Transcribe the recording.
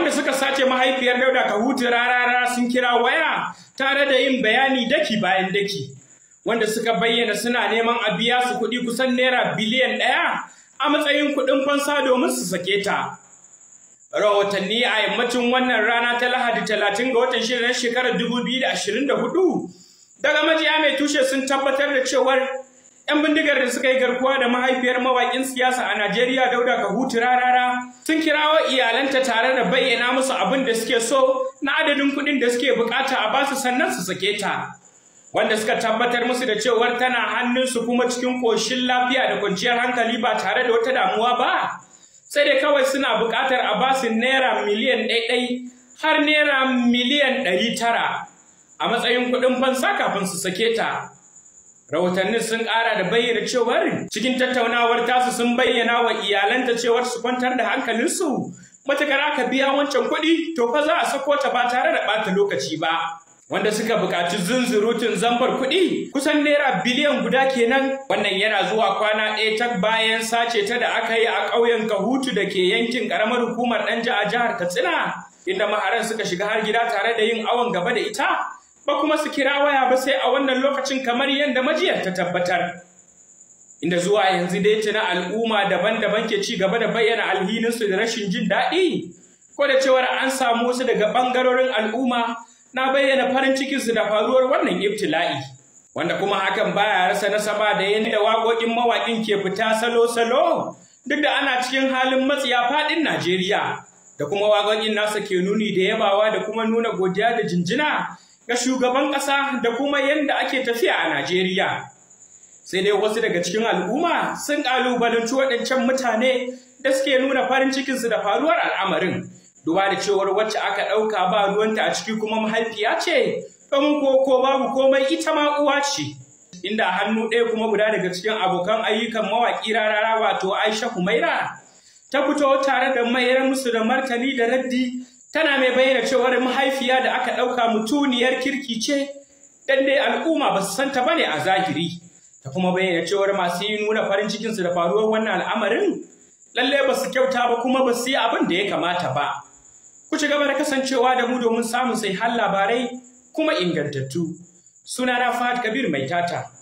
wanda suka sace mahaifiyar dauda ka hutu rarara sun kira waya tare da yin bayani daki bayan daki wanda suka bayyana suna neman a biya su kuɗi kusan naira biliyan ɗaya a matsayin kuɗin fansa domin su sake ta rahotanni a yammacin wannan rana ta lahadi talatin ga watan shirin shekarar dubu biyu da da ashirin hudu, daga majiya mai tushe sun tabbatar da cewar 'Yan bindigar da suka yi garkuwa da mahaifiyar mawaƙin siyasa a Najeriya Dauda Kahutu rarara sun kirawo iyalanta tare da bayyana musu abin da suke so na adadin kuɗin da suke bukata a basu sannan su sake ta. Wanda suka tabbatar musu da cewar tana hannun su kuma cikin ƙoshin lafiya da kwanciyar hankali ba tare da wata damuwa ba. Sai dai kawai suna buƙatar a basu naira miliyan ɗaiɗai har naira miliyan ɗari tara a matsayin kuɗin fansa kafin su sake ta. Rahotannin sun ƙara da bayyana cewar cikin tattaunawar tasu sun bayyana wa iyalanta cewar su kwantar da hankalinsu matakar aka biya wancan kuɗi to fa za a sako ta ba tare da ɓata lokaci ba. Wanda suka buƙaci zunzurutun zambar kuɗi kusan naira biliyan guda kenan wannan yana zuwa kwana ɗaya tak bayan sace ta da aka yi a ƙauyen Kahutu da ke yankin ƙaramar hukumar ɗan a jihar Katsina inda maharan suka shiga har gida tare da yin awon gaba da ita ba kuma su kira waya ba sai a wannan lokacin kamar yadda majiyar ta tabbatar inda zuwa yanzu dai tuna al'umma daban-daban ke ci gaba da bayyana alhininsu da rashin jin daɗi ko da cewar an samu wasu daga ɓangarorin al'umma na bayyana farin cikinsu da faruwar wannan ibtila'i wanda kuma hakan baya rasa nasaba da da waƙoƙin mawaƙin ke fita salo-salo duk da ana cikin halin matsiya faɗin Najeriya da kuma waƙoƙin nasa ke nuni da yabawa da kuma nuna godiya da jinjina ga shugaban ƙasa da kuma yadda ake tafiya a Najeriya. Sai dai wasu daga cikin al'umma sun ƙalubalanci waɗancan mutane da suke nuna farin cikinsu da faruwar al'amarin. Duba da cewar wacce aka ɗauka ba ruwanta a ciki kuma mahaifiya ce, ɗan ko babu komai ita ma uwa ce. Inda hannu ɗaya kuma guda daga cikin abokan ayyukan mawaƙi rarara wato Aisha Humaira ta fito tare da mayar musu da martani da raddi tana mai bayyana cewar mahaifiya da aka ɗauka mutuniyar kirki ce ɗan dai al'umma ba su santa ba ne a zahiri ta kuma bayyana cewar masu yi nuna farin cikinsu da faruwar wannan al'amarin lalle ba su kyauta ba kuma ba su yi abin da ya kamata ba ku ci gaba da kasancewa da mu domin samun sai har labarai kuma ingantattu suna na Fahad Kabir mai tata